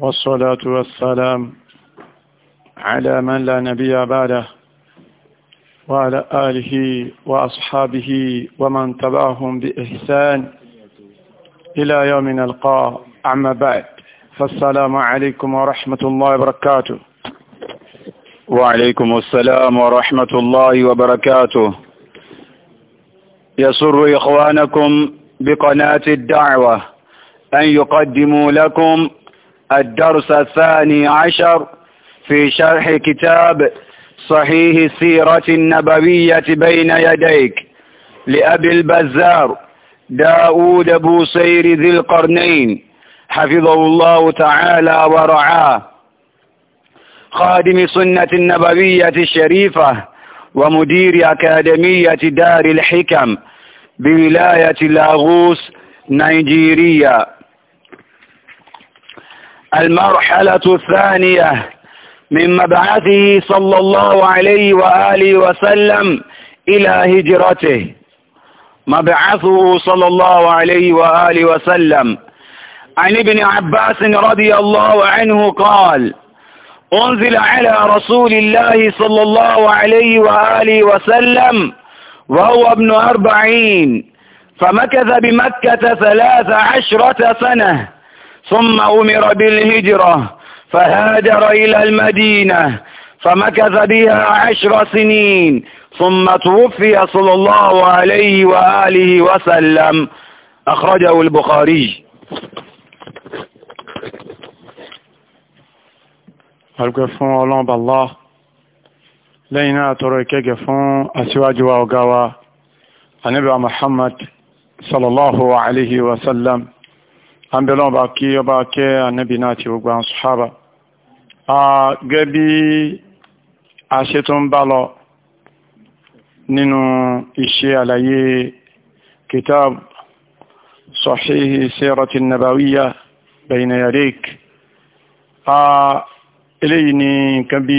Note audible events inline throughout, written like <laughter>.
والصلاة والسلام على من لا نبي بعده وعلى آله وأصحابه ومن تبعهم بإحسان إلى يوم نلقاه أما بعد فالسلام عليكم ورحمة الله وبركاته وعليكم السلام ورحمة الله وبركاته يسر إخوانكم بقناة الدعوة أن يقدموا لكم الدرس الثاني عشر في شرح كتاب صحيح السيرة النبوية بين يديك لأبي البزار داود بوصير ذي القرنين حفظه الله تعالى ورعاه خادم سنة النبوية الشريفة ومدير أكاديمية دار الحكم بولاية لاغوس نيجيريا المرحلة الثانية من مبعثه صلى الله عليه وآله وسلم إلى هجرته مبعثه صلى الله عليه وآله وسلم عن ابن عباس رضي الله عنه قال أنزل على رسول الله صلى الله عليه وآله وسلم وهو ابن أربعين فمكث بمكة ثلاث عشرة سنة ثم أمر بالهجرة فهاجر إلى المدينة فمكث بها عشر سنين ثم توفي صلى الله عليه وآله وسلم أخرجه البخاري القفون أولان بالله لينا أترك قفون أسواج وأغاوى النبي محمد صلى الله عليه وسلم àbẹ̀lọ́ ọba kí ọba kẹ́ ànábì náà ti gbogbo àwọn sọ́hábà gẹ́ bí a ṣe tó ń bá lọ nínú iṣẹ́ àlàyé kitab sahihi sirati nabawiyya bayna yadik eléyìí ni nǹkan bí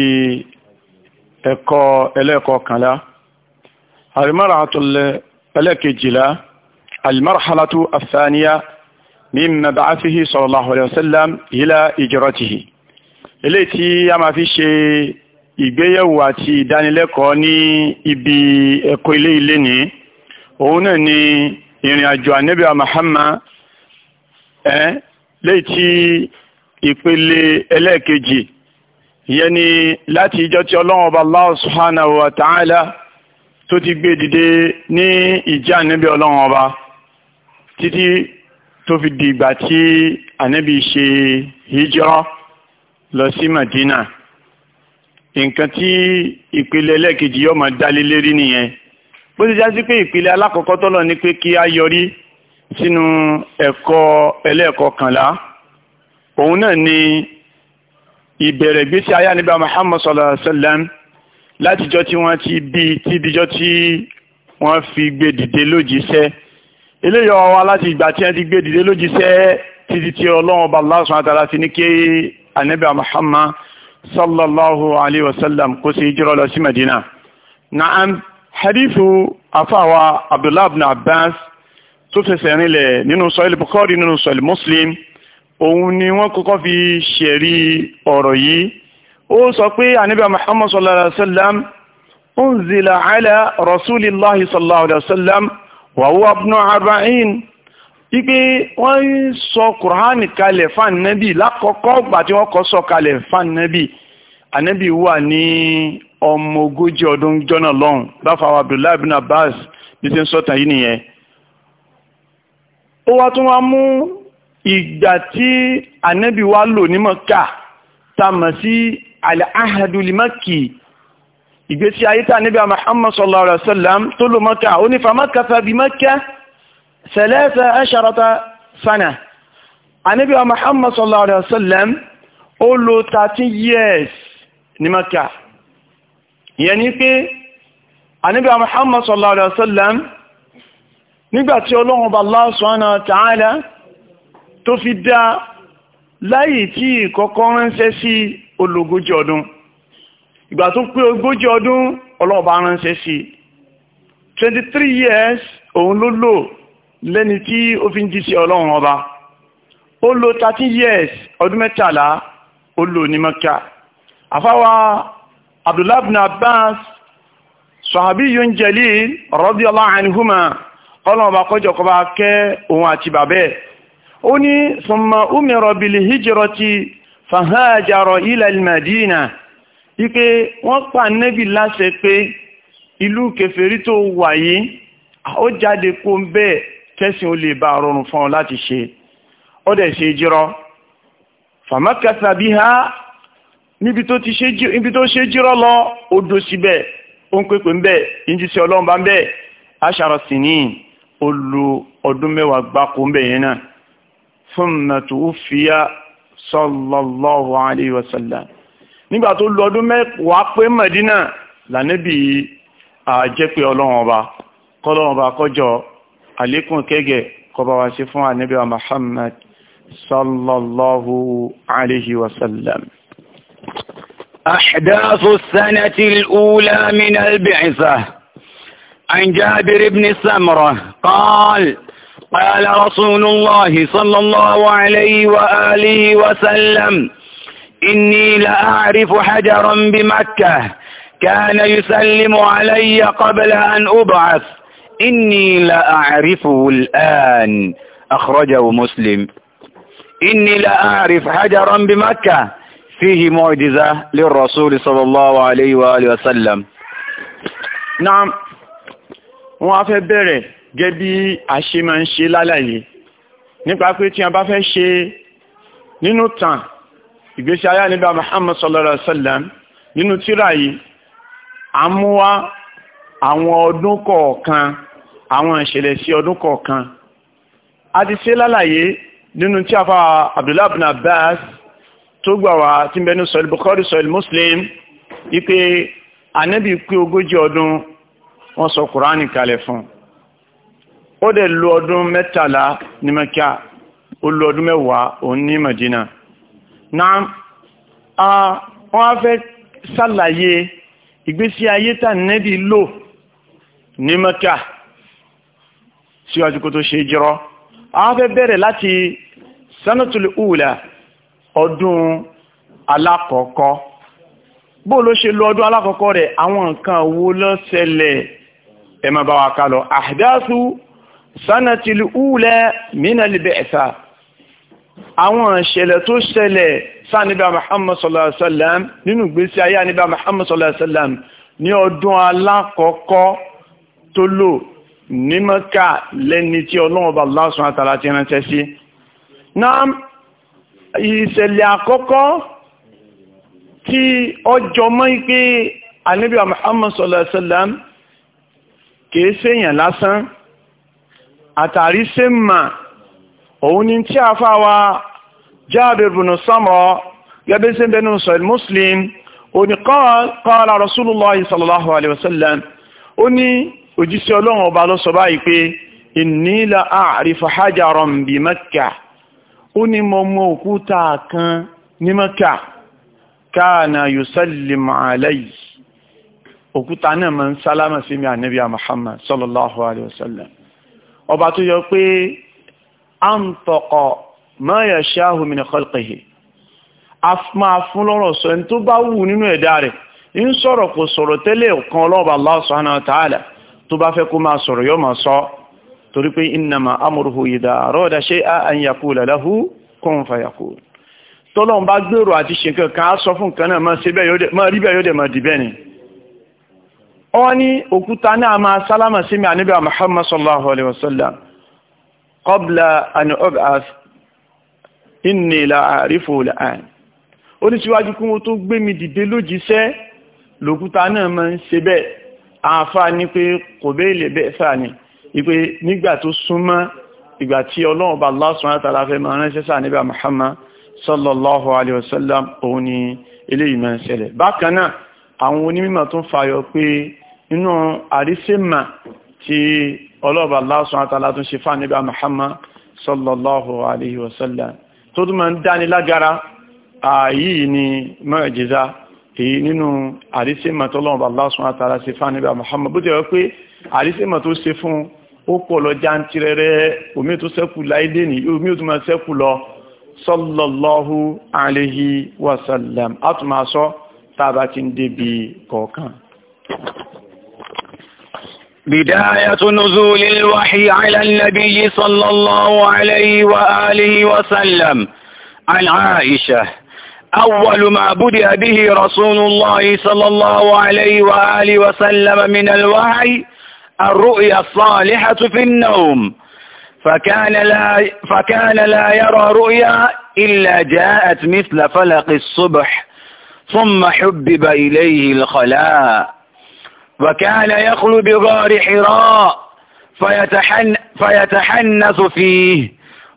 ẹ̀kọ́ ẹlẹ́ẹ̀kọ̀ọ̀kànlá almarhalatul ẹlẹ́ẹ̀kejìlá almarhalatu athaniya من مبعثه صلى الله عليه وسلم إلى إجرته eléyìí tí a máa fi ṣe ìgbéyẹ̀wò àti ìdánilẹ́kọ̀ọ́ ní ibi ẹ̀kọ́ ilé ilé ní òun náà ni ìrìn àjò ànábì Muhammad ẹ́ léyìí tí ìpele ẹlẹ́ẹ̀kejì ìyẹn ni láti ìjọ tí ọlọ́run ọba Allah subhanahu wa ta'ala tó ti gbé dìde ní ìjà ànábì ọlọ́run ọba títí tó fi di ìgbà tí ànábì ṣe hijra lọ sí Madina nǹkan tí ìpele ẹlẹ́ẹ̀kejì yóò máa dálé lérí nìyẹn bó ti já sí pé ìpele alákọ̀ọ́kọ́ tọ́lọ̀ ni pé kí a yọrí sínú ẹ̀kọ́ ẹlẹ́ẹ̀kọkànlá òun náà ni ìbẹ̀rẹ̀ gbésí ayé ànábì Muhammad sallallahu alaihi wasallam látijọ́ tí wọ́n ti bí títijọ́ tí wọ́n fi gbé dìde lójíṣẹ́ eléyìí ọwọ́ láti ìgbà tí ẹ ti gbé dìde lójíṣẹ́ títí tí ọlọ́run ọba Allah subhanahu wa ta'ala ti ní kí anabi Muhammad sallallahu alayhi wa sallam kó sì hijira lọ sí Madina na'am hadithu afawa Abdullah ibn Abbas tó fẹsẹ̀ rinlẹ̀ nínú sọ́ìlì Bukhari nínú sọ́ìlì Muslim òun ni wọ́n kọ́kọ́ fi ṣẹ̀rí ọ̀rọ̀ yìí ó sọ pé anabi Muhammad sallallahu alayhi wa sallam unzila ala rasulillahi sallallahu alayhi wa wàwọ́ abúná arba'in wípé wọ́n ń sọ kùránì kalẹ̀ fáànẹ́bì lákọ̀ọ́kọ́ gbà tí wọ́n kọ́ sọ kalẹ̀ fáànẹ́bì ànẹ́bì wà ní ọmọ ogójì ọdún jọ́nà lọ́hùn báfàwọ̀ abdullahi bin abbas bí ti ń sọ́tàn yìí nìyẹn ó wá tún wá mú ìgbà tí ànẹ́bì wá lò ní mọ́kà tá a ìgbésí ayé tá níbi Muhammad sallallahu alaihi wasallam tó lò Mákà ó ní famákàfà bí Mákà sẹ̀lẹ́sẹ̀ ẹ̀ṣàrọ̀ta sánà àníbi Muhammad sallallahu alaihi wasallam ó lò 13 years ní Mákà ìyẹn ni pé àníbi Muhammad sallallahu alaihi wasallam nígbàtí ọlọ́run bá Allah subhanahu wa ta'ala tó fi dá láyé tí ìgbà tó pé ogójì ọdún ọlọ́ọ̀bá ránṣẹ́ sí 23 years òun ló lò lẹ́ni tí ó fi ń jí sí ọlọ́run ọba ó lò 13 years ọdún mẹ́tàlá ó lò ní mọ́kà àfáwà abdullahi ibn abbas sahabiyun jalil radiyallahu anhuma ọlọ́run ọba kọjọ kọba kẹ́ òun àti bàbẹ́ ó ní summa umira bil hijrati fahajara ila al-madina wípé wọ́n pa nẹ́bì láṣẹ pé ìlú kèfèrí tó wà yìí ó jáde kó ń bẹ́ẹ̀ kẹ́sìn ó lè bá rọrùn fún ọ láti ṣe ó dẹ̀ ṣe jírọ fàmákàtà bí ha níbi tó ṣe jírọ lọ odò síbẹ̀ ó ń pèpè ń bẹ́ẹ̀ ìjísẹ́ ọlọ́run bá ń bẹ́ẹ̀ aṣàrọ̀ sí ní olú ọdún mẹ́wàá gbáko ń bẹ̀yẹn náà fún mẹ́tò ó fi yá sallallahu alayhi wa sallam nígbà tó lọ ọdún mẹ́wàá pé mẹ̀dínà lànẹ́bì àjẹpẹ́ ọlọ́run ọba kọ́lọ́run ọba kọjọ àlékún kẹ́gẹ̀ kọba wa ṣe fún ànẹ́bì wa Muhammad sallallahu alayhi wa sallam. أحداث السنة الأولى من البعثة عن جابر بن سمرة قال قال رسول الله صلى الله عليه وآله وسلم إني لا أعرف حجرا بمكة كان يسلم علي قبل أن أبعث إني لا أعرفه الآن أخرجه مسلم إني لا أعرف حجرا بمكة فيه معجزة للرسول صلى الله عليه وآله وسلم نعم wọ́n a fẹ́ bẹ̀rẹ̀ gẹ́ bí a ṣe máa ń ṣe lálàyé nípa ìgbésí ayé àníbà Muhammad sallallahu alaihi wasallam nínú tírà yìí a mú wá àwọn ọdún kọ̀ọ̀kan àwọn ìṣẹ̀lẹ̀ sí ọdún kọ̀ọ̀kan a ti ṣe lálàyé nínú tí a fa Abdullah ibn Abbas tó gbà wá tí bẹnu sọ̀rọ̀ Bukhari sọ̀rọ̀ Muslim wípé ànábì pé ogójì ọdún wọ́n sọ Kùránì kalẹ̀ fún ó dẹ̀ lo ọdún mẹ́tàlá ní Mẹ́kà ó lo ọdún mẹ́wàá òun ní Madina na wọ́n á fẹ́ ṣàlàyé ìgbésí ayé tà nẹ́bí lò ní mẹ́kà síwájú kó tó ṣe jírọ́ àwọn fẹ́ bẹ̀rẹ̀ láti sanatul ula ọdún alákọ̀ọ́kọ́ bó ló ṣe lọ ọdún alákọ̀ọ́kọ́ rẹ̀ àwọn nǹkan wo ló ṣẹlẹ̀ ẹ má bá wa ká lọ sanatul ula àwọn ìṣẹ̀lẹ̀ tó ṣẹlẹ̀ sáàníbà Muhammad sallallahu alaihi wasallam nínú ìgbésí ayé àníbà Muhammad sallallahu alaihi wasallam ní ọdún alákọ̀ọ́kọ́ tó lò ní Mẹ́kà lẹ́ni tí ọlọ́wọ́ba Allah subhanahu wa ta'ala ti ránṣẹ́ sí náà ìṣẹ̀lẹ̀ àkọ́kọ́ tí ọjọ́ mọ́ pé àníbà Muhammad sallallahu alaihi wasallam kìí ṣèyàn lásán àtàrí sẹ́mà òun ni tí a fà wá Jabir bin Samura gẹ́gẹ́ sí bẹnu sọ Muslim òní qala Rasulullah sallallahu alaihi wasallam ó ní òjíṣẹ́ ọlọ́run ọba ló sọ báyìí pé inni la a'rifu hajaran bi Makkah ó ní mo mọ̀ òkúta kan ní Makkah kana yusallim alayhi òkúta náà ma ń sálámà sí mi ànábì Muhammad sallallahu alaihi wasallam ọba tó yọ pé antọ̀kọ̀ mẹ́yà ṣáhù min khalqihi a máa fún lọ́rọ̀ sọ ẹni tó bá wù nínú ẹ̀dá rẹ̀ ń sọ̀rọ̀ kò sọ̀rọ̀ tẹ́lẹ̀ kan ọlọ́ọ̀bà Allah subhanahu wa ta'ala tó bá fẹ́ kó máa sọ̀rọ̀ yóò máa sọ torí pé innama amruhu idha arada shay'an an yaqula lahu kun fayakun tọ́lọ́n bá gbèrò àti ṣe nǹkan kan á sọ fún òkúta náà máa sálámà sí mi àníbà Muhammad sallallahu alaihi wasallam qabla an ub'ath inni la a'rifu al'an ó ní síwájú kí wọ́n tó gbé mi dìde lójíṣẹ́ lòkúta náà máa ń ṣe bẹ́ẹ̀ àáfàá ni pé kò bẹ́ẹ̀ lè bẹ́ẹ̀ sáà ni ìpè nígbà tó súnmọ́ ìgbà tí ọlọ́run Muhammad sallallahu alayhi wa sallam òun ni eléyìí máa ń ṣẹlẹ̀ bákan náà àwọn onímọ̀ tún fàyọ pé nínú àrísẹ́mà ti ọlọ́ọ̀bà Allah subhanahu wa ta'ala tún ṣe fáà níbà Muhammad sallallahu alayhi wa sallam tó tún máa ń dáni lágara ààyí ni mu'jiza èyí nínú àrísẹ́mà tó lọ́wọ́ Allah subhanahu wa ta'ala ṣe fáà níbà Muhammad bó ti rẹ̀ pé àrísẹ́mà tó ṣe fún ó pọ̀ lọ ń débi kọ̀ọ̀kan بداية نزول الوحي على النبي صلى الله عليه وآله وسلم عن عائشة أول ما بدأ به رسول الله صلى الله عليه وآله وسلم من الوحي الرؤيا الصالحة في النوم فكان لا, فكان لا يرى رؤيا إلا جاءت مثل فلق الصبح ثم حبب إليه الخلاء وكان يخلو بغار حراء فيتحن فيتحنث فيه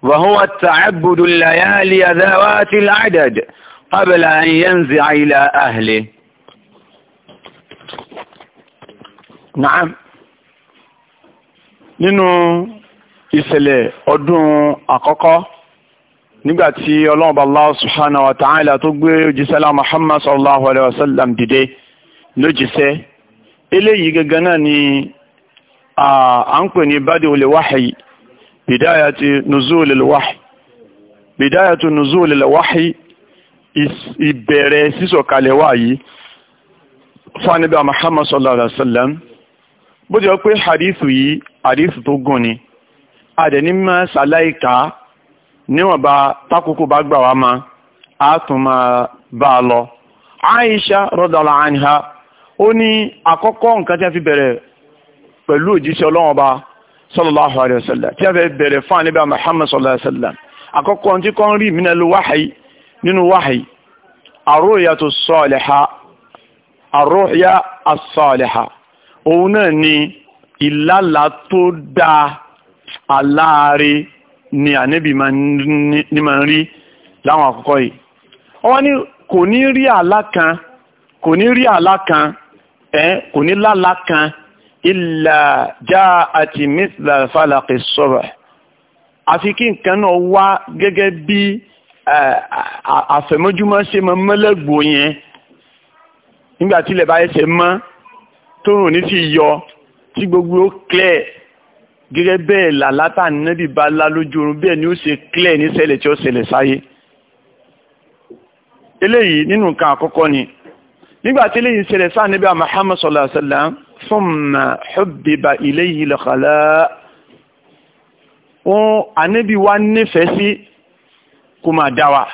وهو التعبد الليالي ذوات العدد قبل أن ينزع إلى أهله نعم nínú ìṣẹ̀lẹ̀ ọdún àkọ́kọ́ nígbàtí ọlọ́ọ̀bà Allah subhanahu wa ta'ala tó gbé òjíṣẹ́lá Muhammad sallallahu alaihi wasallam dìde lójíṣẹ́ eléyìí gangan náà ni à ń pè ní bádé olè wáhì bìdáyàtì nùzúlẹ̀ wáhì bìdáyàtì nùzúlẹ̀ wáhì ìbẹ̀rẹ̀ sísọ̀kalẹ̀ wá yìí fún ànábì Muhammad sallallahu alaihi wasallam bó ti wọ́n pé hadithu yìí hadithu tó gùn ni adẹ̀ní máa ṣàláìka níwọ̀nba tákùkù bá gbà wá ma a tún máa bá lọ Aisha radallahu anha ó ní àkọ́kọ́ nǹkan tí a fi bẹ̀rẹ̀ pẹ̀lú òjíṣẹ́ ọlọ́run ọba sallallahu alaihi wasallam tí a fi bẹ̀rẹ̀ fún àníbà Muhammad sallallahu alaihi wasallam àkọ́kọ́ tí kan rí minal wahyi nínú wahyi ar-ru'yatu as-salihah ar-ru'ya as-salihah òun náà ni ìlàlà tó dáa aláàrí ni ànẹ́bì ní ma ń rí láwọn àkọ́kọ́ yìí wọ́n ní kò ní rí àlá kan kò ní rí àlá kan ẹ eh, kò ní lálá kan ilà já àti mithla falaqi sọ̀rọ̀ àfi kí nǹkan náà wá gẹ́gẹ́ bí eh, àfẹ̀mọ́júmọ́ ṣe mọ mọ́lẹ́gbò yẹn nígbà tí ilẹ̀ bá ẹsẹ̀ mọ́ tó rùn ní ti yọ tí gbogbo ó clear gẹ́gẹ́ bẹ́ẹ̀ làlá tà bá lá lójú oorun bẹ́ẹ̀ ni ó ṣe clear ní ṣẹlẹ̀ tí ó ṣẹlẹ̀ sáyé eléyìí nínú nǹkan àkọ́kọ́ ni nígbàtí lè ṣẹlẹ̀ sáà níbi Muhammad sallallahu alaihi wasallam thumma hubbiba ilayhi al-khala' wọn ànábì wa nífẹ̀ẹ́ sí kò máa dá wa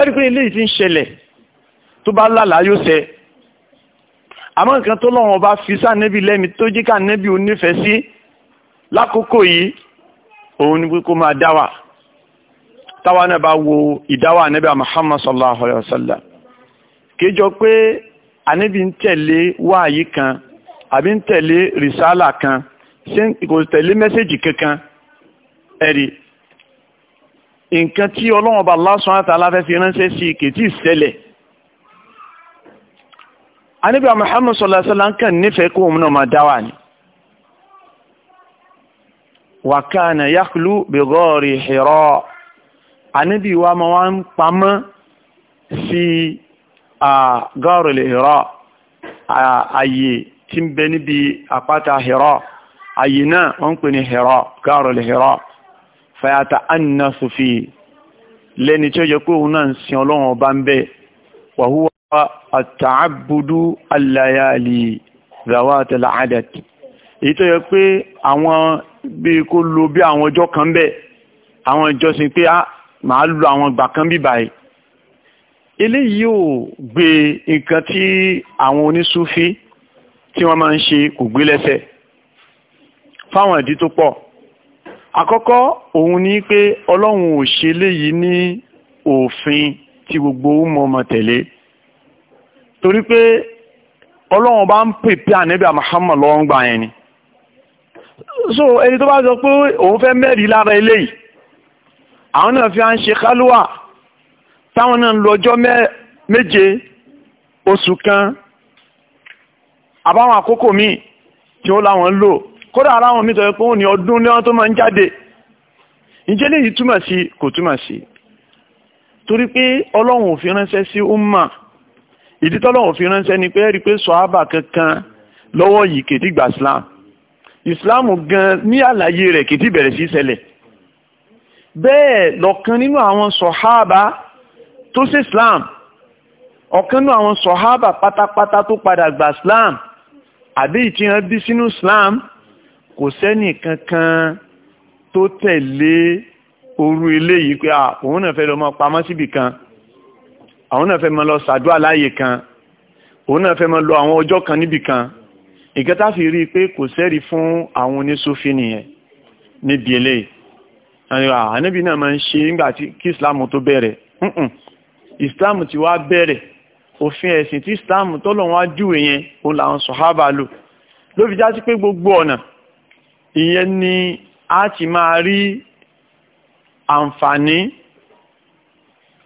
ẹ̀rí pé ilé ìtí ń ṣẹlẹ̀ tó bá lálàá yóò ṣẹ àmọ́ nǹkan tó lọ́wọ́ bá fi sáànẹ́bì lẹ́mi tó jí ká nẹ́bì ò nífẹ̀ẹ́ sallallahu alayhi wa kéjọ pé ànábì ń tẹ̀lé wáàyí kan àbí ń tẹ̀lé rìsálà kan kò tẹ̀lé mẹ́sẹ̀jì kankan ẹ̀rí nǹkan tí ọlọ́run bá lásán àtàlà fẹ́ fi ránṣẹ́ sí kì í tí ì ṣẹlẹ̀ ànábì Muhammad sallallahu alaihi wasallam kàn nífẹ̀ẹ́ kó òun náà máa dá wà ní wàkánà yáklú bẹ̀gọ́rì Hira ànábì wa máa ń pamọ́ sí i gáàrùlé Hira ààyè tí ń bẹ níbi àpáta Hira ààyè náà wọ́n ń pè ní Hira gáàrùlé Hira fayata anna sufi lẹ́ni tí ó yẹ pé òun náà ń sin ọlọ́run ọba ń bẹ wàhúwà àtàbùdú alayali zawata al'adat èyí tó yẹ pé àwọn bí kó lo bí àwọn ọjọ́ kan bẹ́ẹ̀ àwọn ìjọsìn pé ah, màá lo àwọn ìgbà kan bí báyìí eléyìí yóò gbé nǹkan tí àwọn onísúfí tí wọ́n máa ń ṣe kò gbé lẹ́sẹ̀ fáwọn ìdí tó pọ̀ àkọ́kọ́ òun ni pé ọlọ́run ò ṣe léyìí ní òfin tí gbogbo ọmọ tẹ̀lé torí pé ọlọ́run bá ń pèpè ànábì Muhammad lọ́wọ́ ń gbà yẹn ni so ẹni tó bá sọ pé òun fẹ́ mẹ́rin lára eléyìí àwọn náà fi à ṣe kálúwà táwọn náà ń lo ọjọ́ méje oṣù kan àbáwọn àkókò míì tí ó láwọn ń lò kódà aláwọn míì tọ́jú pé ó ní ọdún lẹ́wọ́n tó máa ń jáde ǹjẹ́ lèyí túmọ̀ sí kò túmọ̀ sí torí pé ọlọ́run ò fi ránṣẹ́ sí umma ìdí tọ́lọ́run ò fi ránṣẹ́ ni pé rí pé sọ́ábà kankan lọ́wọ́ yìí kìtì gbà islam islam gan ní àlàyé rẹ̀ kìtì bẹ̀rẹ̀ sí ṣẹlẹ̀ bẹ́ẹ̀ lọ́kan nínú àwọn sọ̀háàbá tó ṣe islam ọ̀kan nínú àwọn sọ̀hábà pátápátá tó padà gba islam àbí ìtìyàn bí sínú islam kò sẹ́nì kankan tó tẹ̀lé òru eléyìí pé òun náà fẹ́ lọ mọ́ pamọ́ síbì kan àwọn náà fẹ́ mọ́ lọ sàdúrà láàyè kan òun náà fẹ́ mọ́ lọ àwọn ọjọ́ kan níbì kan ìkẹta fi rí i pé kò sẹ́rí fún àwọn oníṣòfin nìyẹn níbi eléyìí àníbi náà máa ń ṣe nígbà tí kí islam tó bẹ̀rẹ̀ islam ti wá bẹ̀rẹ̀ òfin ẹ̀sìn tí islam tọ́lọ̀wọ́n ajúwe yẹn òun làwọn sọ̀hábà lò ló fi já sí pé gbogbo ọ̀nà ìyẹn ni a ti máa rí àǹfààní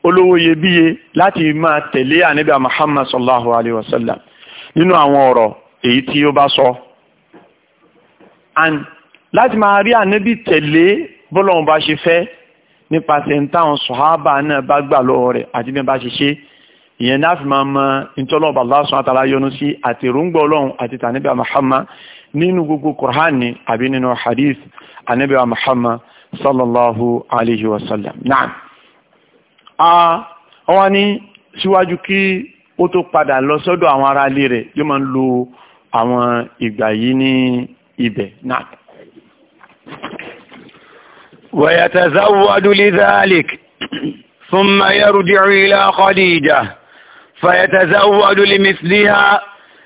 olówó iyebíye láti máa tẹ̀lé ànábì Muhammad sallallahu alaihi wasallam. sallam nínú àwọn ọ̀rọ̀ èyí tí ó bá sọ láti máa rí ànábì tẹ̀lé bọ́lọ́run bá ṣe fẹ́ nípasẹ̀ ń táwọn sọ̀hábà náà bá gbà lọ́wọ́ rẹ̀ àti bí wọ́n bá ṣe ṣe ìyẹn náà fi máa mọ ìtọ́lọ́ọ̀bà Allah subhanahu wa sí àti èròǹgbà ọlọ́run àti tànẹ́bà Muhammad nínú gbogbo Kùránì àbí nínú hadith ànẹ́bà Muhammad sallallahu alayhi wa sallam náà wọ́n ní síwájú kí ó tó padà lọ sọ́dọ̀ àwọn ará ilé rẹ̀ yóò máa ń lo àwọn ìgbà yìí ní ibẹ̀ ويتزود لذلك <clears throat> ثم يرجع إلى خديجة فيتزود لمثلها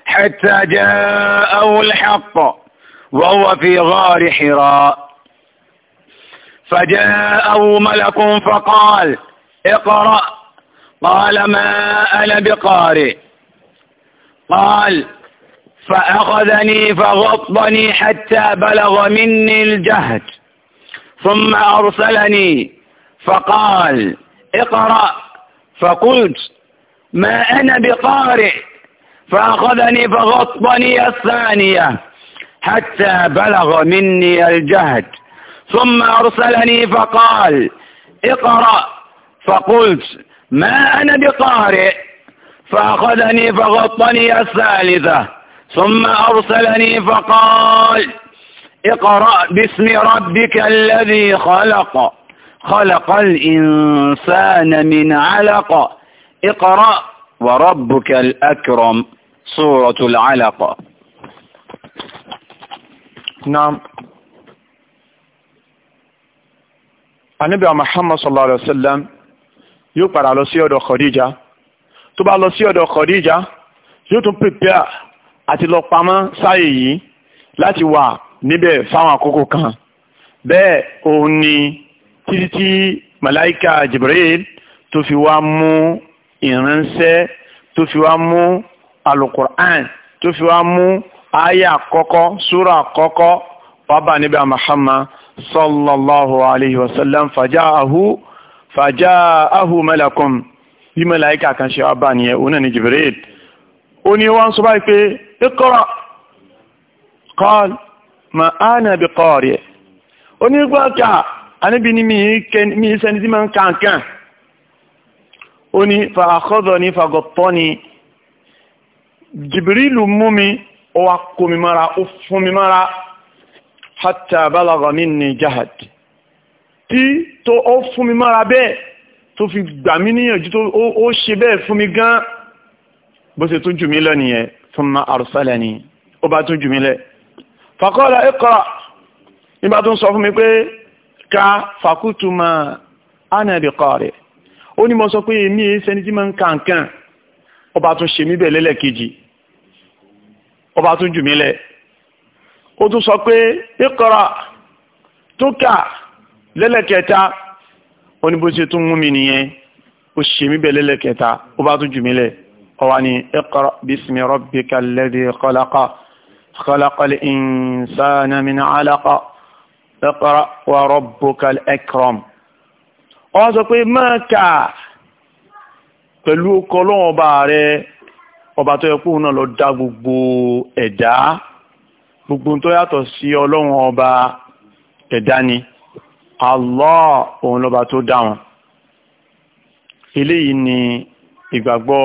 حتى جاءه الحق وهو في غار حراء فجاءه ملك فقال اقرأ قال ما أنا بقارئ قال فأخذني فغطني حتى بلغ مني الجهد ثم أرسلني فقال اقرأ فقلت ما أنا بقارئ فأخذني فغطني الثانية حتى بلغ مني الجهد ثم أرسلني فقال اقرأ فقلت ما أنا بقارئ فأخذني فغطني الثالثة ثم أرسلني فقال اقرأ باسم ربك الذي خلق خلق الإنسان من علق اقرأ وربك الأكرم سورة العلق نعم Ànábì Muhammad sallallahu alaihi wasallam yóò padà lọ sí ọ̀dọ̀ Khadija tó bá lọ sí ọ̀dọ̀ Khadija yóò tún prepare àti lọ pamọ́ sáyé yìí láti wà níbẹ̀ fáwọn àkókò kan bẹ́ẹ̀ òun ni títí tí màláìka Jibril tó fi wá mú ìránṣẹ́ tó fi wá mú alukur'an tó fi wá mú aya àkọ́kọ́ súra àkọ́kọ́ wàbà níbi Muhammad sallallahu alayhi wa sallam fàjáàhù fàjáàhù malakun bí màláìka kan ṣe wá bá nìyẹn òun ni Jibril ó ní wọ́n sọ báyìí pé iqra ma a na bi kọ́ọ̀rì ẹ̀ onígbà ká anábì ni mi ì sẹ́ni tí máa ń fa àkọ́dọ̀ ni jìbìrìlù mú mi ó wá kó mi mara ó fún mara hátà bálagọ̀ mi ní jahad tí tó ó fún mi mara bẹ́ẹ̀ tó fi gbà mí níyànjú tó ó ṣe bẹ́ẹ̀ fún mi gan bó ṣe tún jù mí lọ nìyẹn thumma arsalani ó bá tún jù mí lẹ́ẹ̀ fàkọ́lá iqra nígbà tó ń sọ fún mi pé ká fàkútù mà ana bi qari ó ní mo sọ pé èmi èé e sẹni tí máa ń ka nǹkan ọba tún ṣe mí bẹ̀ lẹ́lẹ́kejì ọba tún jù mí ó tún sọ pé iqra tó kà lẹ́lẹ́kẹta ó ní bó ṣe tún mú mi nìyẹn ó ṣe mí bẹ̀ lẹ́lẹ́kẹta ó tún jù mí lẹ̀ ó wá ní iqra bismi rabbika alladhi خلق الإنسان من علق اقرأ وربك الأكرم wọ́n sọ pé máa kà pẹ̀lú ọkọ̀ ọlọ́run ọba rẹ ọba tó yẹ kóun náà lọ dá gbogbo ẹ̀dá gbogbo tó yàtọ̀ sí ọlọ́run ọba ẹ̀dá ni Allah òun lọ́ba tó dá wọn eléyìí ni ìgbàgbọ́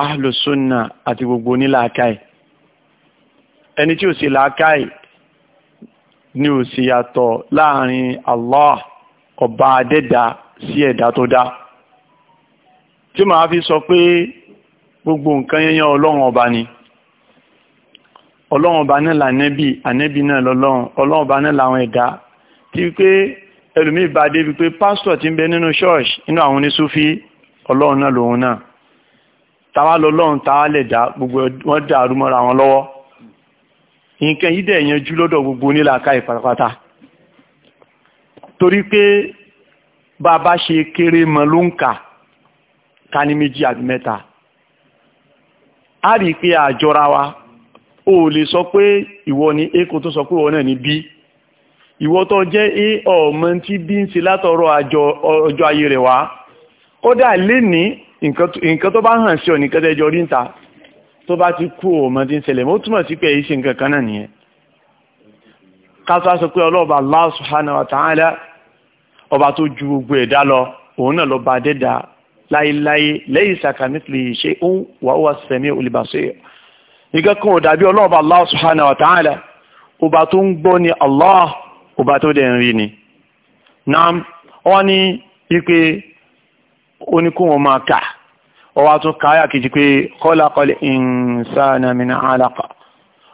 ahlùsùnà àti gbogbo onílàákàyè ẹni tí ò sí làákàyè ni ò sì yàtọ̀ láàrin Allah ọba adẹ́dà sí ẹ̀dá tó dá tí màá fi sọ pé gbogbo nǹkan yẹn ọlọ́run ọba ni ọlọ́run ọba náà lànẹ́bì ànẹ́bì náà lọ́lọ́run ọlọ́run ọba náà làwọn ẹ̀dá tí pé ẹlòmíì bá débi pé pásítọ̀ ti ń bẹ nínú ṣọ́ọ̀ṣì nínú àwọn oníṣúfí ọlọ́run náà lòun náà táwa lọ́lọ́run táwa lẹ̀dá gbogbo wọn dàrú mọ́ra wọn lọ́wọ́ nǹkan yìí dẹ̀ yanjú lọ́dọ̀ gbogbo onílàáká ìpàtàpàtà torí pé bá a bá ṣe kéré mọ ló ń kà ká ní méjì àbí mẹ́ta a rí i pé àjọra wa o lè sọ pé ìwọ ni a kò tó sọ pé ìwọ náà ni b ìwọ tó jẹ́ a ọmọ tí bí ń ṣe látọ̀rọ̀ ọjọ́ ayé rẹ̀ wá kódà lé ní nǹkan tó bá hàn sí ọ nìkan tẹ́jọ rí ń ta tó bá ti kú ọmọ tí ń ṣẹlẹ̀ mọ́ túnmọ̀ sí pé ìṣe nǹkan kan náà nìyẹn kásá sọ pé ọlọ́ọ̀bà Allah subhanahu wa ta'ala ọba tó ju gbogbo ẹ̀dá lọ òun náà lọ bá dẹ́dà láíláí laysa kamithlihi shay'un wa huwa as-sami'ul basir nǹkan ọwá tún káyà kejì pé khalaqal insana min alaqa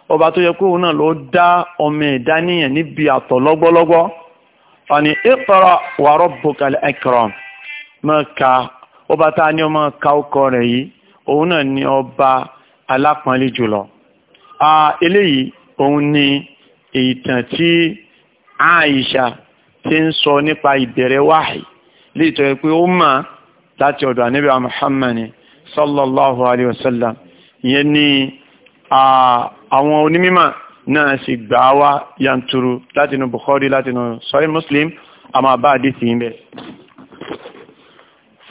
ọba tó yẹ pé òun náà ló dá ọmọ ìdáníyàn níbi àtọ̀ lọ́gbọ́lọ́gbọ́ ọ̀nì iqra wa rabbukal akram mọ́ka ọba tá a ní ọmọ ká ọkọ rẹ̀ yìí òun náà ní ọba alápọ̀nlé jùlọ eléyìí òun ni ìtàn tí Aisha ti ń sọ nípa ìbẹ̀rẹ̀ wáhì lè tọ́ ẹ pé ó máa láti ọ̀dọ̀ ànábì Muhammad sallallahu alayhi wa sallam ìyẹn ni àwọn onímímọ̀ náà sì gbà wá yanturu látinú Bukhari látinú Sahih Muslim a máa bá àdìsí ń bẹ̀.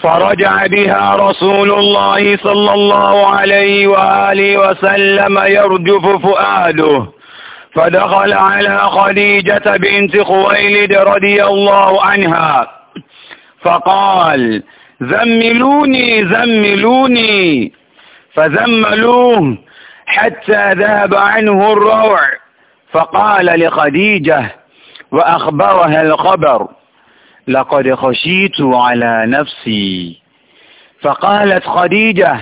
فرجع بها رسول الله صلى الله عليه وآله وسلم يرجف فؤاده فدخل على خديجة بنت خويلد رضي الله عنها فقال زملوني زملوني فزملوه حتى ذهب عنه الروع فقال لخديجة وأخبرها الخبر لقد خشيت على نفسي فقالت خديجة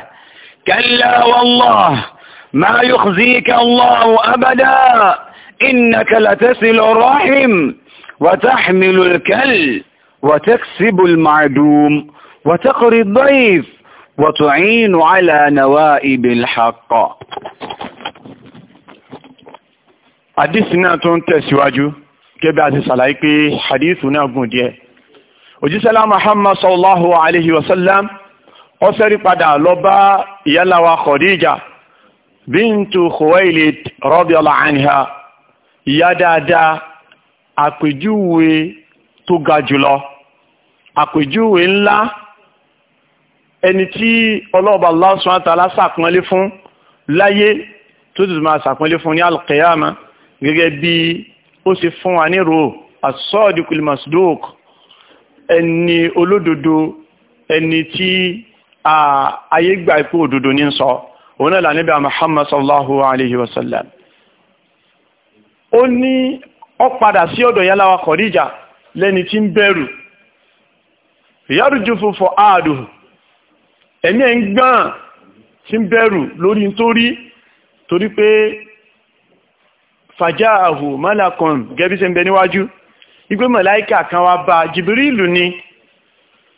كلا والله ما يخزيك الله أبدا إنك لتصل الرحم وتحمل الكل وتكسب المعدوم وتقري الضيف وتعين على نوائب الحق hadith náà tó ń tẹ̀síwájú kébí àti sàlàyé pé hadith náà gùn díẹ̀ òjísẹ́lá Muhammad sallallahu alaihi wasallam ó sẹ́rí padà lọ bá ìyálàwà Khadija bíntu Khuwailid radiyallahu anha ìyá dáadáa àpèjúwe tó ga jùlọ àpèjúwe ńlá ẹni tí ọlọ́ọ̀bà Allah subhanahu wa ta'ala sàpọ́nlé fún láyé tó ti máa sàpọ́nlé fún ní al-qiyama gẹ́gẹ́ bí ó sì fún wa nírò as-sadiqul masduq ẹni olódodo ẹni tí ayé gbà ipò òdodo ní sọ òun náà lànàbí Muhammad sallahu alayhi wa sallam ó ní ó padà sí ọ̀dọ̀ yálàwà Khadija lẹ́ni tí ń bẹ̀rù yarjufu fu'aduhu ẹ̀mí ẹ̀ ń gbọ́n tí ń bẹ̀rù lórí nítorí torí pé fàjá àhù málàkùn gẹ́bí ṣe ń bẹ níwájú ipé màláíkà kan wá bá jìbìrìlù ni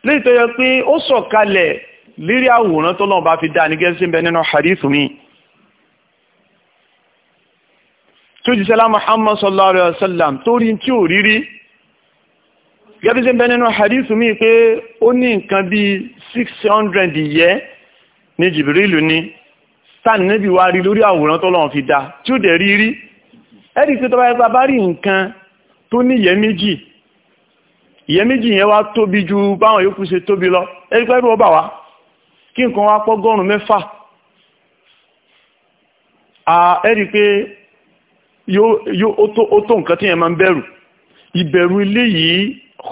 léyìí tó yẹ pé ó sọ̀kalẹ̀ lérí àwòrán tó lọ́nà bá fi dá ní gẹ́bí ń bẹ nínú hadith mi tó jíṣẹ́lá Muhammad sallallahu alaihi wasallam torí tí ò rírí gẹ́bí ṣe ń bẹ nínú hadith mi pé ó ní nǹkan bíi six hundred yẹ ní jìbìrìlù ni sáàni níbi wá rí lórí àwòrán tọ́lọ́run fi dá tí ó dẹ̀ rí rí ẹ̀rí tí tọ́bá ẹgbà bá rí nǹkan tó ní ìyẹ́ méjì ìyẹ́ méjì yẹn wá tóbi ju báwọn yòókù ṣe tóbi lọ ẹ̀rí pẹ́rú ọba wa kí nǹkan wá pọ́gọ́rùn mẹ́fà ẹ̀rí pé ó tó nǹkan tí yẹn máa ń bẹ̀rù ìbẹ̀rù ilé yìí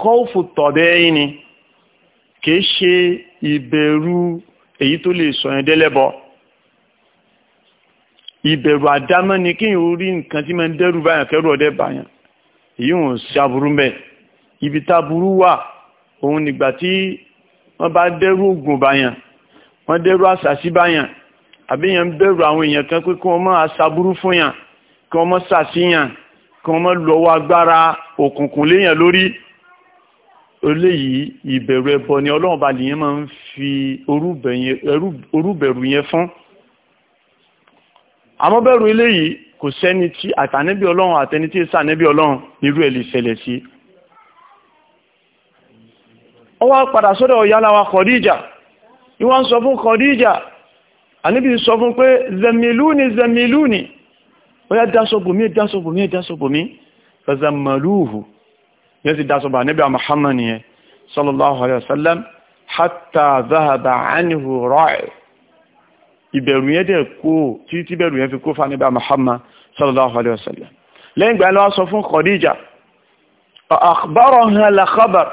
kọ́ọ̀fù tọ̀bẹ́ ẹ̀yìn ni kìí ṣe ìbẹ̀rù èyí tó lè sọ yẹn délẹ́bọ ìbẹ̀rù àdámọ́ ni kí n ò rí nǹkan tí máa ń dẹ́rù báyàn kẹ́rù ọ̀dẹ́ báyàn èyí wọn sí aburú mẹ́ ibi taburú wà òun nígbà tí wọ́n bá dẹ́rù ògùn báyàn wọ́n dẹ́rù àṣàṣì báyàn àbí yẹn ń bẹ̀rù àwọn èèyàn kan pé kí wọ́n má aṣaburú fún yàn kí wọ́n má ṣàṣìyàn kí wọ́n má lọ́wọ́ agbára òkùnkùn léyàn lórí eléyìí ìbẹ̀rù ẹbọ ni ọlọ́run bá lè yẹn máa ń fi orúbẹ̀rù yẹn fún àmọ́ bẹ̀rù eléyìí kò sẹ́ni tí àtànẹ́bí ọlọ́run àtẹni tí sànẹ́bí ọlọ́run nírú ẹ̀ lè ṣẹlẹ̀ sí ó wá padà sọ́dọ̀ ìyá wa Khadija ìwọ́n ń sọ fún Khadija àníbi sọ fún pé zẹ̀mìlúni zẹ̀mìlúni ó yá dásọ̀bùmí dásọ̀bùmí dásọ̀bùmí fẹ̀zẹ̀mọ̀lúhù yóò ti dáṣọ bà níbi Muhammad yẹn sallallahu alayhi wa sallam hatta zahaba anhu ra'i ìbẹ̀rù yẹn dẹ̀ kó tí tí bẹ̀rù yẹn fi kó fa níbi Muhammad sallallahu alayhi wa sallam lẹ́yìn gbà lọ́wọ́ sọ fún Khadija akhbaraha la khabar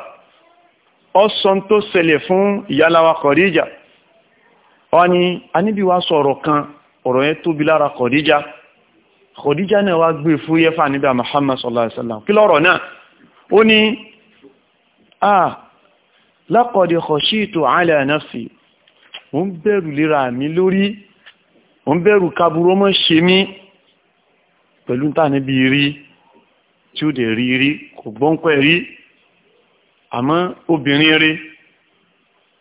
ọsàn tó ṣẹlẹ̀ fún ìyálawa Khadija wọ́n ni a Muhammad sallallahu alayhi wa sallam kí lọ́rọ̀ ó ní à laqad khashitu ala nafsi mo ń bẹ̀rù lera mi lórí mo ń bẹ̀rù kaburú mọ́ ṣe mí pẹ̀lú tàní bí rí tí ó dẹ̀ rí rí kò gbọ́npẹ́ rí àmọ́ obìnrin rí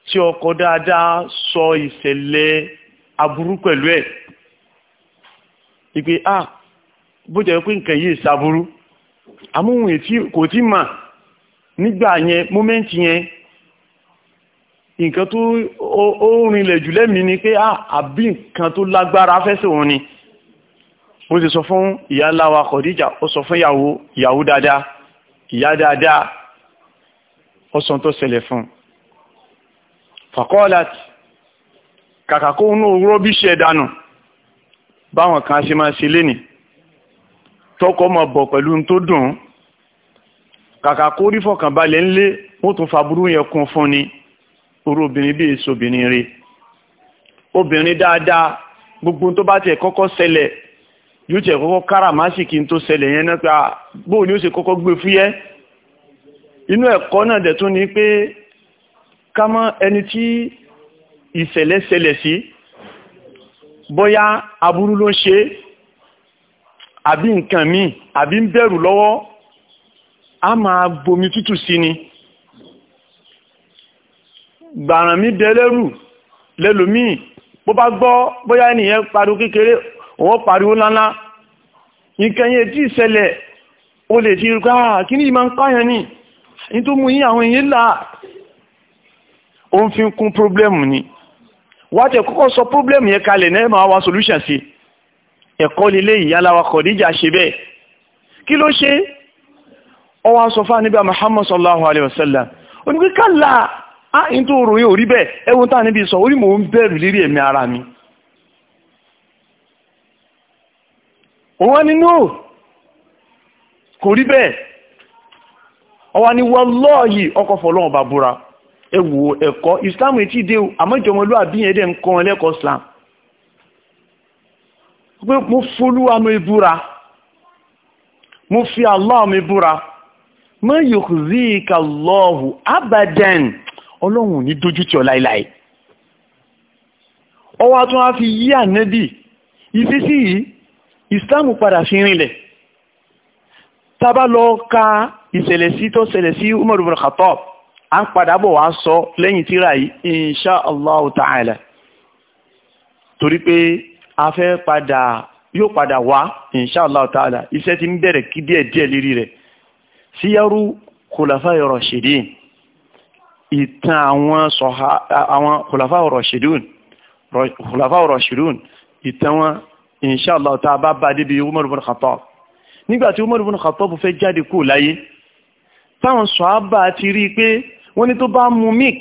tí ọkọ dáadáa sọ ìṣẹ̀lẹ̀ aburú pẹ̀lú ẹ̀ ìpé à bó jẹ́ pé nǹkan yìí ṣaburú àmúhùn ètí kò tí mà nígbà yẹn mómẹ́ǹtì yẹn nǹkan tó ó rinlẹ̀ jù lẹ́mìí ni pé ah, àbí nǹkan tó lágbára fẹ́sẹ̀ òun ni mo ti sọ fún ìyá láwa Khadija ó sọ fún ìyàwó ìyàwó dáadáa ìyá dáadáa ọsàn tó ṣẹlẹ̀ fún fàkọ́ọ̀láti kàkàkó inú rọ́bíṣẹ́ dànù báwọn kan ṣe máa ṣe lénìí tọkọ máa bọ̀ pẹ̀lú tó dùn kàkà kó rí fọkànbalẹ̀ ńlé wọ́n tún faburú yẹn kún fún ni orú obìnrin bí èso obìnrin rí obìnrin dáadáa gbogbo tó bá tiẹ̀ kọ́kọ́ ṣẹlẹ̀ yóò tiẹ̀ kọ́kọ́ káràmásìkì tó ṣẹlẹ̀ yẹn náà pé ah, bóò ni ó ṣe kọ́kọ́ gbé fúyẹ́ inú ẹ̀kọ́ náà dẹ̀ tún ni pé ká mọ̀ ẹni tí ìṣẹ̀lẹ̀ ṣẹlẹ̀ sí bóyá aburú ló ń ṣe é àbí nǹkan míì àbí ń bẹ̀rù lọ́wọ́ a máa bomi tútù sí ni gbàràn mi dẹlẹ́rù lẹ́lòmíì bó bá gbọ́ bóyá ènìyàn pariwo kékeré òun pariwo ńláńlá nǹkan yẹn tí ìṣẹ̀lẹ̀ o lè ti rúkà ah, kí ní ìmọ̀ ń pààyàn ní ní tó mú yí àwọn èèyàn là ó ń fi kún pírọ́blẹ́mù ni wájẹ̀ kọ́kọ́ sọ pírọ́blẹ́mù yẹn kalẹ̀ náà máa wá solúṣàn sí i ẹ̀kọ́ lílé ìyáláwa Khadija ṣe bẹ́ẹ̀ kí ló ṣe ó wá sọ fáà níbi Muhammad sallallahu alaihi wasallam onígbé kálá á ń tó rò yóò rí bẹ́ẹ̀ ẹwọ́n tá níbi sọ orí mò ń bẹ̀rù lérí ẹ̀mí ara mi òun nínú kò rí bẹ́ẹ̀ ọwá ni wallahi ọkọ̀ fọlọ́wọ̀n bàbúra ẹwò ẹ̀kọ́ Islam ti dé àmọ́jọmọlúwàbí ẹ̀dẹ̀ ń kọ́ ẹlẹ́kọ̀ọ́ Islam pé mo folúwa mi búra mo fi Allah mi búra mo yòókù sí ìkàlọ́ọ̀hù abadan ọlọ́run ní dojú tí ọ láíláí ọwọ́ tó wá fi yí ànẹ́bì ìfísí yìí ìsìláàmù padà fi rinlẹ̀ tàbá lọ ka ìṣẹ̀lẹ̀ sí tó ṣẹlẹ̀ sí Umar ibn Khattab a ń padà bọ̀ wá sọ lẹ́yìn tíra yìí insha Allahu ta'ala torí pé afẹ́ padà yóò padà wá inshallah ta'ala iṣẹ́ ti ń bẹ̀rẹ̀ kí díẹ̀ díẹ̀ lérí rẹ̀ síyárú kòlàfà rashidin ìtàn àwọn sọ̀há àwọn kòlàfà rashidun kòlàfà rashidun ìtàn wọn inshallah ta'ala bá bá débi Umar ibn Khattab nígbà tí Umar ibn Khattab fẹ́ jáde kú láyé táwọn sọ̀hábà ti rí i pé wọ́n ní tó bá mú mic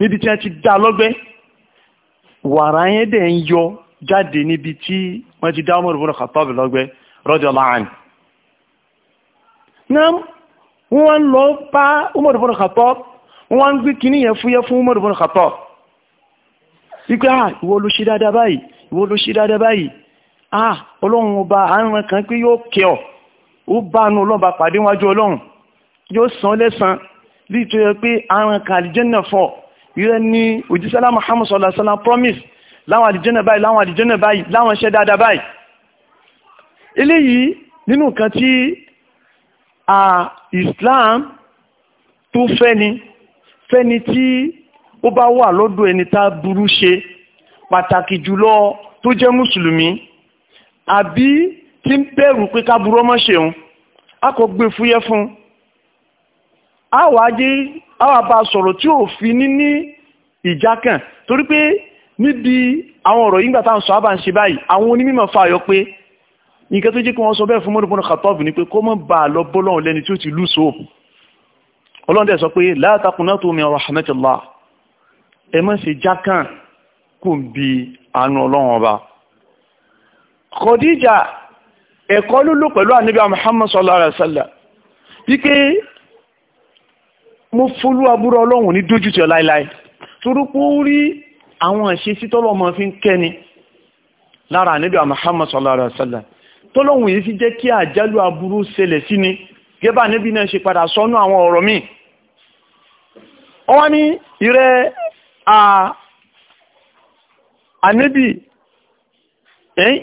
níbi tí wọ́n ti dá lọ́gbẹ́ wàrà yẹn dẹ̀ ń yọ jáde níbi tí wọ́n ti dá Umar ibn Khattab lọ́gbẹ́ radiyallahu anhu náà wọ́n lọ bá Umar ibn Khattab wọ́n ń gbé kíní yẹn fúyẹ́ fún Umar ibn Khattab wípé à ah, ìwọ ló ṣe dáadáa báyìí ìwọ ló ṣe dáadáa báyìí à ah, ọlọ́run ọba àárín kan pé yóò kẹ́ ọ ó bá nu ọlọ́run bá pàdé wájú ọlọ́run yóò san lẹ́san bí tó pé àárín kan àlìjẹ́nà fọ ìrẹ́ ni òjísálà Muhammad sallallahu alaihi wasallam promise láwọn àdìjẹ́nà báyìí láwọn àdìjẹ́nà báyìí láwọn iṣẹ́ dáadáa báyìí eléyìí nínú nǹkan tí a Islam tó fẹ́ni fẹ́ni tí ó bá wà lọ́dọ̀ ẹni tá burú ṣe pàtàkì jùlọ tó jẹ́ mùsùlùmí àbí tí ń bẹ̀rù pé ká burú ọmọ ṣeun a kò gbé fúyẹ́ fún a wà bá sọ̀rọ̀ tí ò fi ní ìjákàn torí pé níbi àwọn ọ̀rọ̀ yíngbà táwọn sọ́ábà ń ṣe báyìí àwọn onímọ̀ fààyọ pé nǹkan tó jẹ́ kí wọ́n sọ bẹ́ẹ̀ fún mọ́rùn-ún kàtọ́ọ̀bù ni pé kó mọ́ bá lọ bọ́lọ́run lẹ́ni tí ó ti lùsọ ọlọ́run pé la taqnatu min rahmatillah ẹ má ṣe jákàn kò ń bi àánú ọlọ́run ọba Khadija ẹ̀kọ́ ló Muhammad sallallahu alaihi wasallam wípé mo folú aburú ọlọ́run ní dójútì ọ àwọn àṣesí tọ́lọ́ mọ́ fi ń kẹ́ni lára àníbíà Muhammad sallallahu alaihi wasallam tọ́lọ́hùn yìí fi jẹ́ kí àjálù aburú ṣẹlẹ̀ sí ni gẹ́bà níbi náà ṣe padà sọ́nú àwọn ọ̀rọ̀ míì wọ́n ní ìrẹ́ àníbì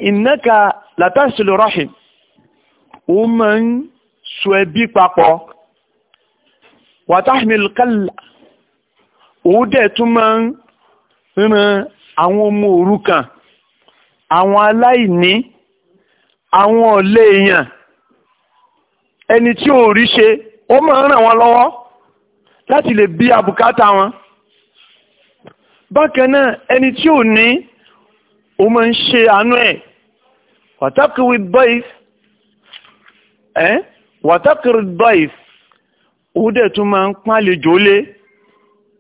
ìnáka látàṣìlò rahim ó máa ń so ẹbí papọ̀ wàtàmìlkàlà ó dẹ̀ tún máa ń ran àwọn ọmọ òrukàn àwọn aláìní àwọn ọ̀lẹ èèyàn ẹni tí ò rí ṣe ó máa ń ràn wọ́n lọ́wọ́ láti lè bí àbùkátà wọn bákan náà ẹni tí ò ní ó máa ń ṣe àánú ẹ̀ boys bọ́ìf ẹ́ wàtákìrì boys ó dẹ̀ tún máa ń pálejò lé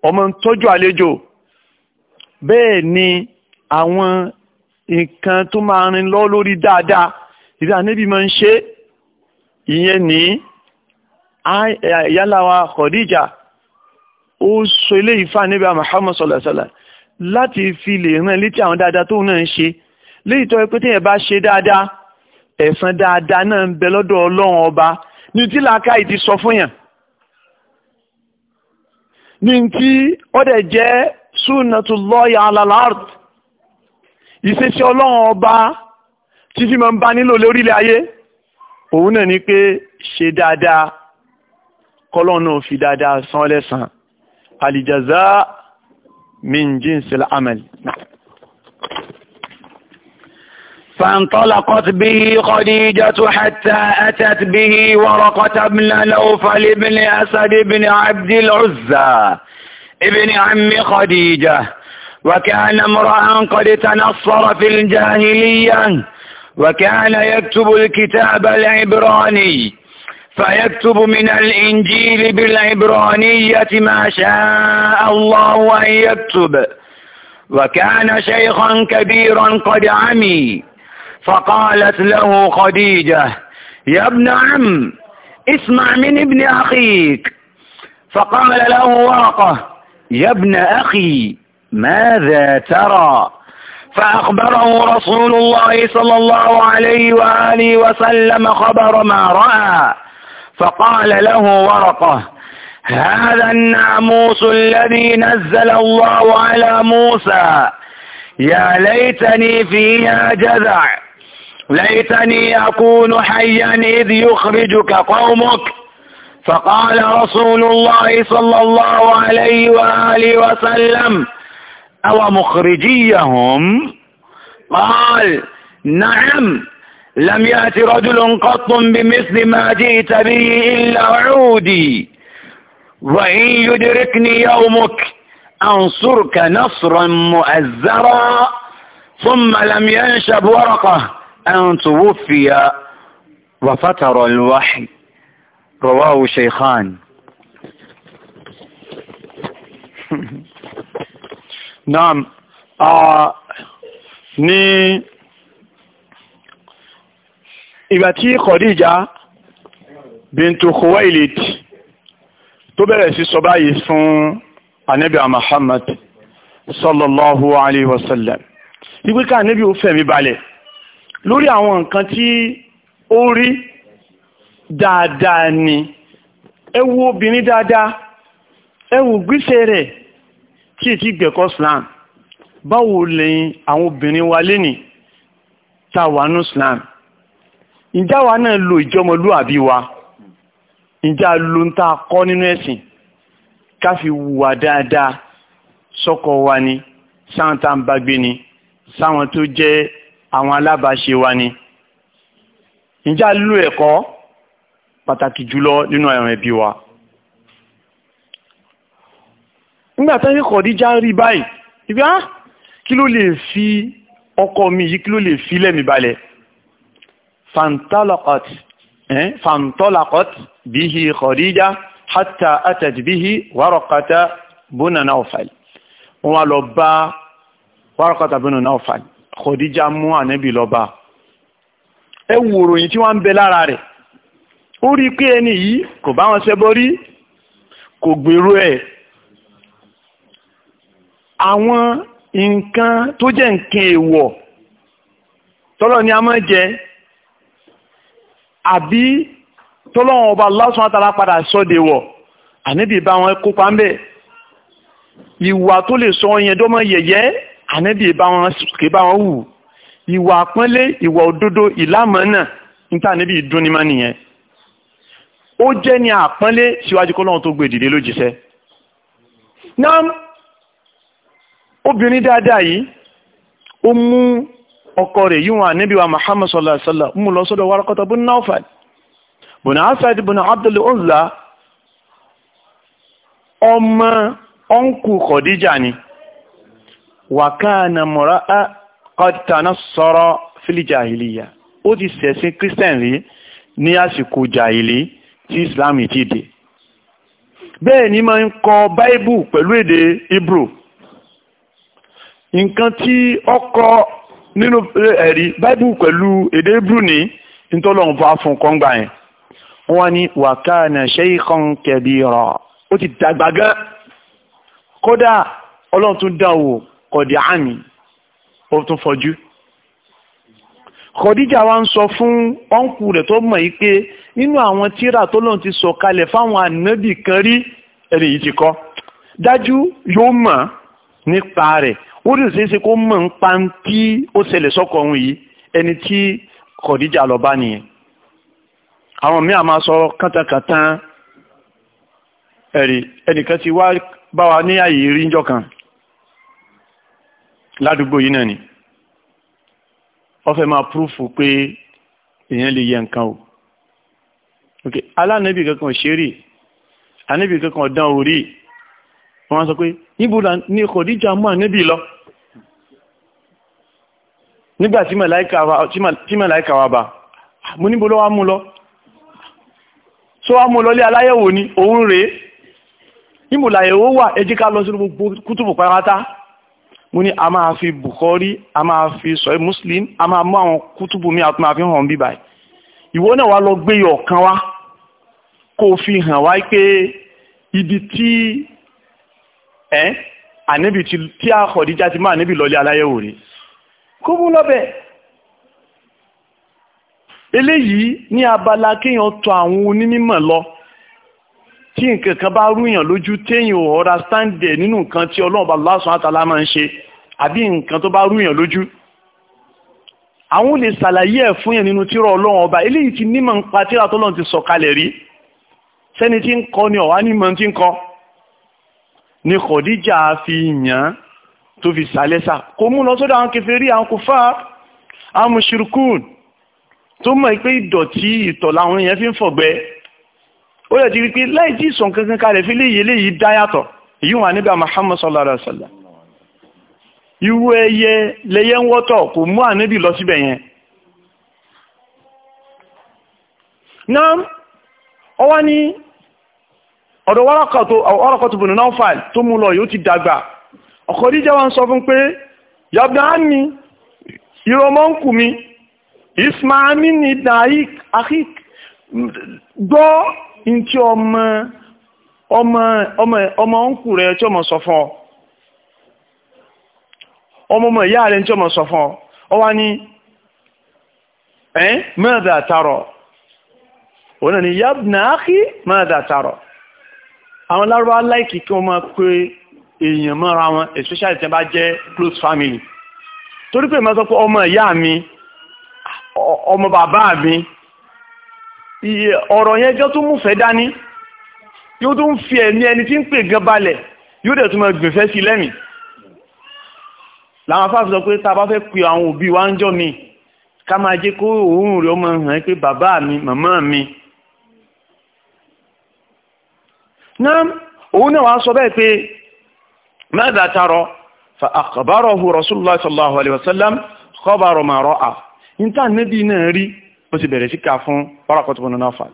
ọmọ ń tọ́jú àlejò. bẹ́ẹ̀ ni àwọn nǹkan tó máa rin lọ lórí dáadáa ìdá níbi máa ń ṣe ìyẹn ní ìyáláwa Khadija ó sọ ilé ìfà níbi Muhammad sallallahu alaihi wasallam láti fi lè rán létí àwọn dáadáa tóun náà ń ṣe léyìí tó yẹ pé téèyàn bá ṣe dáadáa ẹ̀san dáadáa náà ń bẹ lọ́dọ̀ ọlọ́run ọba ní tí làákàyè ti sọ fún yàn ní tí ó jẹ́ sunnatullahi ala al-ard ìṣesí ọlọ́run ọba tí fi máa ń bá nílò lórílẹ̀ ayé òun náà ni pé ṣe dáadáa kọ́lọ́run náà fi dáadáa san lẹ́san alìjàzá min jinsil amal فانطلقت به خديجة حتى أتت به ورقة بن لوفل بن أسد بن عبد العزى ابن عم خديجة وكان امرأ قد تنصر في الجاهلية وكان يكتب الكتاب العبراني فيكتب من الإنجيل بالعبرانية ما شاء الله أن يكتب وكان شيخا كبيرا قد عمي فقالت له خديجة يا ابن عم اسمع من ابن أخيك فقال له واقه يا ابن أخي ماذا ترى فأخبره رسول الله صلى الله عليه وآله وسلم خبر ما رأى فقال له ورقه هذا الناموس الذي نزل الله على موسى يا ليتني فيها جذع ليتني أكون حيا إذ يخرجك قومك فقال رسول الله صلى الله عليه وآله وسلم أو مخرجيهم قال نعم لم يأتي رجل قط بمثل ما جئت به إلا عودي وإن يدركني يومك أنصرك نصرا مؤزرا ثم لم ينشب ورقة أن توفي وفتر الوحي رواه شيخان نعم آه ní ìgbà tí Khadija bintu Khuwailid tó bẹ̀rẹ̀ sí sọ báyìí fún Ànábì Muhammad sallallahu alaihi wasallam wípé ká Ànábì ó fẹ̀mí balẹ̀ lórí àwọn nǹkan tí ó rí dáadáa ni ẹ wo obìnrin dáadáa ẹ wo gbèsè rẹ̀ tí èkí gbẹ̀kọ́ Islam báwo lẹ́yìn àwọn obìnrin wa lénìí tá a wà ní Islam ìjà wa náà lo ìjọmọlúàbí wa ìjà ló ń tá kọ́ nínú ẹ̀sìn ká fi dáadáa sọ́kọ wa ni sáwọn tá ń bá ni sáwọn tó jẹ́ àwọn alábàáṣe wa ni ìjà lo ẹ̀kọ́ pàtàkì jùlọ nínú àwọn ẹbí wa nígbà tí Khadija rí báyìí ibi á ah, kí ló lè fi ọkọ mi yìí kí ló lè fi lẹ́mi balẹ̀ fantalaqat eh, fantalaqat bihi Khadija hatta atat bihi Waraqata bun Nawfal wọ́n wá lọ bá Waraqata bun Nawfal Khadija mú ànẹ́bì lọ bá ẹ wòròyìn tí wọ́n ń bẹ lára rẹ̀ ó rí pé ẹni yìí kò bá wọn ṣẹbọ rí kò gbèrú ẹ̀ àwọn nǹkan tó jẹ́ nǹkan èèwọ̀ tọ́lọ̀ ni a máa jẹ àbí tọ́lọ̀ ọba lásán àtàrà padà sọ́dẹ̀wọ̀ àníbì bá wọn kópa ń bẹ̀ ìwà tó lè sọ yẹn dọ́mọ yẹ̀yẹ́ àníbì bá wọn kì bá wọn wù ìwà àpọ́nlé ìwà òdodo ìlàmọ́nà níta níbi ìdúnnimá nìyẹn ó jẹ́ ní àpọ́nlé síwájú kọ́lọ́run tó gbé o lójíṣẹ́ náà obìnrin dáadáa yìí ó mú ọkọ rẹ̀ yíwọn ànábì wa Muhammad sallallahu alaihi mú lọ sọ́dọ̀ Asad na Abdul Uzza ọmọ ọ̀nkù ni wàkánà mọ̀rá kọ́tàná sọ̀rọ̀ fil jahiliya ó ti ṣẹ̀sìn Christian rí ní àsìkò jahili tí islam ti dé bẹ́ẹ̀ ni máa ń kọ báíbù pẹ̀lú èdè hebrew nǹkan tí ó kọ nínú ẹ̀rí báíbù pẹ̀lú èdè hebrew ní ntọ́lọ́run fún afúnkọ́ngbà yẹn wọ́n ní wàkánà shaykhan kabira ó ti dàgbà gan kódà ọlọ́run tún dán wò kọ̀dí àmì ó tún fọjú kọ̀díjà wa ń sọ fún ọ̀nkù rẹ̀ tó mọ̀ yìí pé inú àwọn tíra tó lóun ti sọ kalẹ̀ fáwọn ànábì kan rí ẹni yìí ti kọ́ dájú yóò mọ̀ nípa rẹ̀ ó rí òṣèṣe kó mọ̀ ń pa tí ó ṣẹlẹ̀ sọ́kọ̀ ọ̀hún yìí ẹni tí kọ̀díjà lọ bá nìyẹn àwọn míì àmà sọ kántankàntan ẹ̀rí ẹnìkan ti wá bá wa ní àyè rí kan ládùúgbò yìí náà ni wọ́n fẹ́ máa púrúfù pé èèyàn lè yẹ nǹkan o ok alánàbì kankan ṣeré ànábì kankan dán orí wọ́n sọ pé níbùdó ní kòdíjà mú ànábì lọ nígbà tí màláìkà wa bá mú níbo ló wá mú lọ so wá mú lọ lé aláyẹ̀wò ni òun rèé níbùláyẹ̀wò wà ẹjí ká lọ sí gbogbo kútùbù pátá mo ní a máa fi Bukhari a máa fi sọ̀rọ̀ Muslim a máa mú àwọn kútùbù mi àti máa fi hàn bíbáyìí ìwọ náà wá lọ gbé yọ̀ kan wá kó fi hàn wá pé ibi tí ẹ́ ànábì tí a kọ̀díjá ti máa níbi lọlé aláyẹ̀wò rí kó mú lọ́bẹ̀ eléyìí ní abala kéèyàn tọ àwọn onímọ̀ lọ tí nǹkan kan bá rúyàn lójú téèyàn ò ọ̀rá stáǹdẹ̀ nínú nǹkan tí ọlọ́run bá lásán àtàlá máa ń ṣe àbí nǹkan tó bá rúyàn lójú àwọn olè ṣàlàyé ẹ̀ fún yẹn nínú tírà ọlọ́run ọba eléyìí ti nímọ̀ ń pa tírà tọ́lọ́run ti sọ̀kalẹ̀ rí sẹ́ni tí ń kọ́ ni ọ̀wá ní mọ̀ tí ń kọ́ ni kọ̀díjà fi yàn tó fi sàlẹ́sà kò mú lọ sódà àwọn kèfèrí àwọn kò fà àwọn mùṣírikùn tó mọ̀ pé ìdọ̀tí ìtọ̀ làwọn èèyàn fi ń fọ̀gbẹ́ ó yẹ ti rí pé láì tí ìsàn kankan kalẹ̀ fi léyìí eléyìí dá yàtọ̀ èyí wà níbi Muhammad sallallahu alaihi wasallam irú ẹyẹ lẹyẹ ń wọ́tọ̀ kò mú ànábì lọ síbẹ̀ yẹn náà ọ wá ní ọ̀dọ̀ Waraqatu bun Nawfal tó mú lọ yóò ti dàgbà ọkọ̀ díjẹ́ wọn sọ fún pé mi ismaami ni daik akik gbọ́ in tí ọmọ ọmọ rẹ̀ tí ọmọ sọ fún ọ ọmọ ọ wá ní ẹ́ mẹ́rẹ̀dà òun ni yabna akhi mada taro àwọn lárúbá láìkì kí wọ́n máa pé èèyàn mọ́ra wọn especially tí wọ́n bá jẹ́ close family torí pé máa sọ pé ọmọ ìyá mi ọmọ bàbá mi ọ̀rọ̀ yẹn jọ tún múfẹ́ dání yóò tún fi ẹ̀mí ẹni tí ń pè gan balẹ̀ yóò dẹ̀ tún máa gbìnfẹ́ sí lẹ́mìí láwọn afáàfi sọ pé tàbá fẹ́ pè àwọn òbí wa ń jọ mi ká máa jẹ́ kó òórùn rẹ̀ ọmọ hàn pé bàbá mi màmá mi náà òun náà wàá sọ bẹ́ẹ̀ pé ماذا ترى فأخبره رسول الله صلى الله عليه وسلم خبر ما رأى انت النبي ناري وسي بيري سي كافون ورقه بن نافع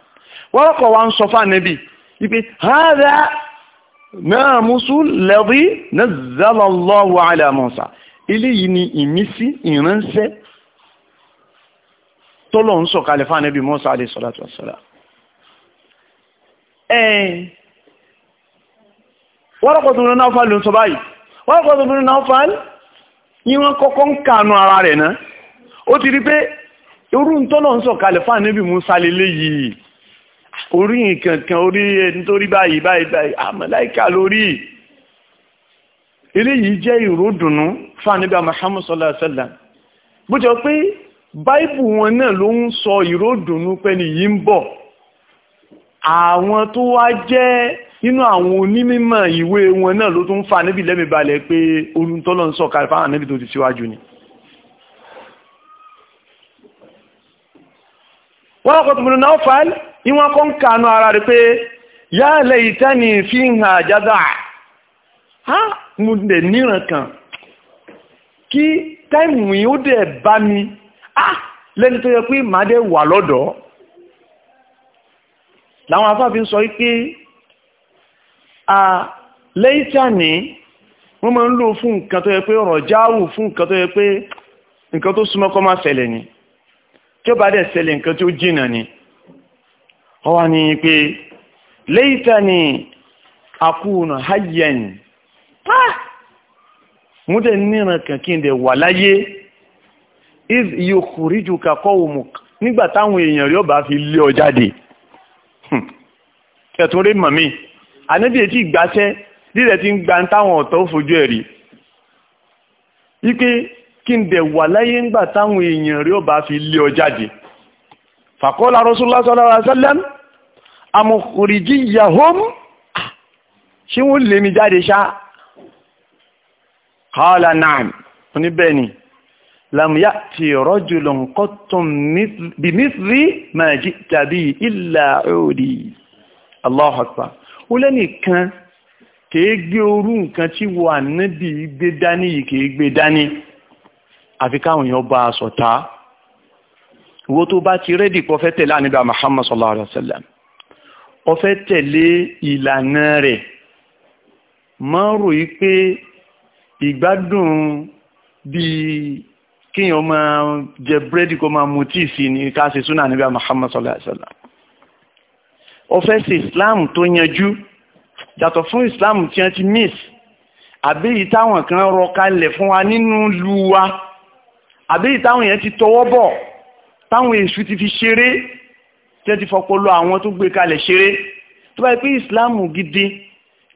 ورقه وان صفا النبي يبي هذا ناموس الذي نزل الله على موسى إليه ني إميسي إرنسي tọ́lọ̀ ń sọ̀kalẹ̀ fún ànẹ́bí mọ́sá àdé sọ́látọ̀ sọ́lá ẹ̀ Waraqatu bin Nawfal ló ń sọ báyìí Waraqatu bin Nawfal ní wọ́n kọ́kọ́ ń kànú ara rẹ̀ náà ó ti rí pé orú ń tọ́lọ̀ ń sọ kalẹ̀ fún àníbì Musa lélẹ́ yìí orí nǹkankan orí nítorí báyìí báyìí báyìí àmàláìkà lórí eléyìí jẹ́ ìródùnú fún yìí ń bọ̀ àwọn tó wá jẹ́ nínú àwọn onímọ̀ ìwé wọn náà ló tún fà níbi lẹ́mí balẹ̀ pé olùtọ́lọ́ ń sọ̀kà fáwọn níbi tó ti síwájú ni wọ́n lọ́kọ̀ tó múlò náà fàálì ìwọ́n kọ́ ń kànú ara rẹ̀ pé yáàlẹ̀ ìtẹ́ni fi ń ha mo dẹ̀ níran kan kí táìmù láwọn afáfin sọ pé a lẹ́yìnṣà ní wọ́n máa ń lò fún nǹkan tó yẹ pé ọ̀rọ̀ jáwù fún nǹkan tó yẹ pé nǹkan tó súnmọ́ kó má ni tí ó bá dẹ̀ ṣẹlẹ̀ nǹkan tí ó jìnà ni ó wá ní pé lẹ́yìnṣà ní àkúùnà hayyan mú dẹ̀ níran kankan dẹ̀ wà láyé is yòkùríjù fi ànábì ètí ìgbàṣẹ́ dídẹ̀ ti ń gba táwọn ọ̀tọ́ fojú ẹ̀ rí wípé kí n dẹ̀ wà láyé ńgbà táwọn èèyàn rí ọba fi lé ọ jáde fàkọ́lá rasulullah sallallahu alaihi wasallam amòkùrìjì yahom ṣé wọ́n lè mi jáde ṣá kọ́lá náà oníbẹ̀ni lamya ti rajulun qattun bí mithli ma jita bi illa udi Allahu akbar ó lẹ́nìkan kìí gbé orú nǹkan tí wọ ànábì gbé dání yìí kìí gbé dání àfi káwọn èèyàn bá a sọ̀tá ìwọ tó bá ti rẹ́dì pọ̀ fẹ́ tẹ̀lé ànábì Muhammad sallallahu alayhi wa sallam ó fẹ́ tẹ̀lé ìlànà rẹ̀ máa ń rò yí pé ìgbádùn bíi kéèyàn máa jẹ búrẹ́dì kó máa mutí sí ni ká ṣe súnà ànábì Muhammad sallallahu alayhi wa sallam ọfẹ́ sí islam tó yanjú yàtọ̀ fún islam tí wọ́n ti miss àbí èyí táwọn kan rọ kalẹ̀ fún wa nínú ìlú wa àbí èyí táwọn yẹn ti tọwọ́ bọ̀ táwọn èṣù ti fi ṣeré tí wọ́n ti fọpọlọ àwọn tó gbé kalẹ̀ ṣeré tó bá pé islam gidi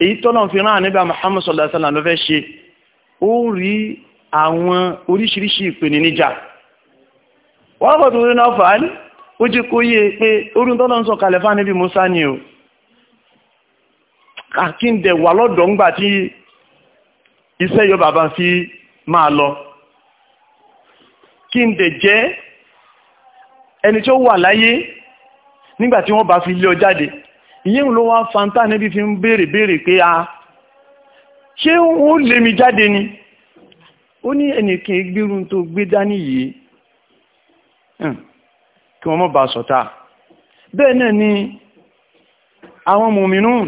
èyí tọ́lọ̀ fi rán àníbà muhammad sallallahu alaihi wasallam ló fẹ́ ṣe ó rí àwọn oríṣiríṣi ìpèníjà wọ́n fọ́ tó rí náà fàá ó jẹ́ kó yé pé orin tọ́lọ́ ń sọ kalẹ̀ fún ànábì Musa ni o kí n dẹ̀ wà lọ́dọ̀ ńgbà tí iṣẹ́ yọ bàbá fi máa lọ kí n dẹ̀ jẹ́ ẹni tí ó wà láyé nígbà tí wọ́n bá fi lé ọ jáde ló wá fanta níbi fi ń béèrè béèrè pé a ṣé ó lè mi jáde ni ó ní ẹnìkan gbérun tó gbé dání yìí hmm kí wọ́n mọ́ bá sọ̀tá bẹ́ẹ̀ náà ni àwọn mùmínún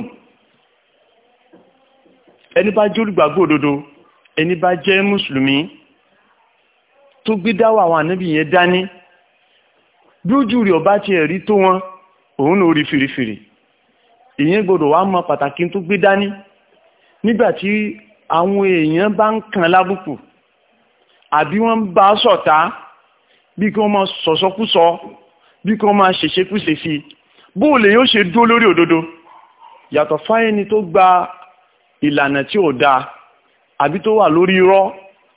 ẹni bá jẹ́ olùgbàgbọ́ òdodo ẹni bá jẹ́ mùsùlùmí tó gbé dáwà àwọn ànábì yẹn dání bí ojú rí ọba ti ẹ̀rí tó wọn òun ló rí fìrìfìrì ìyẹn gbọdọ̀ wá mọ pàtàkì tó gbé dání nígbà àwọn èèyàn bá ń kàn lábùkù àbí wọ́n bá sọ̀tá bí kí wọ́n máa sọ̀sọ́kúsọ bí kan máa ṣèṣekúṣe sí i bóòlè yóò ṣe dúró lórí òdodo yàtọ̀ fáyẹni tó gba ìlànà tí ò dáa àbí tó wà lórí irọ́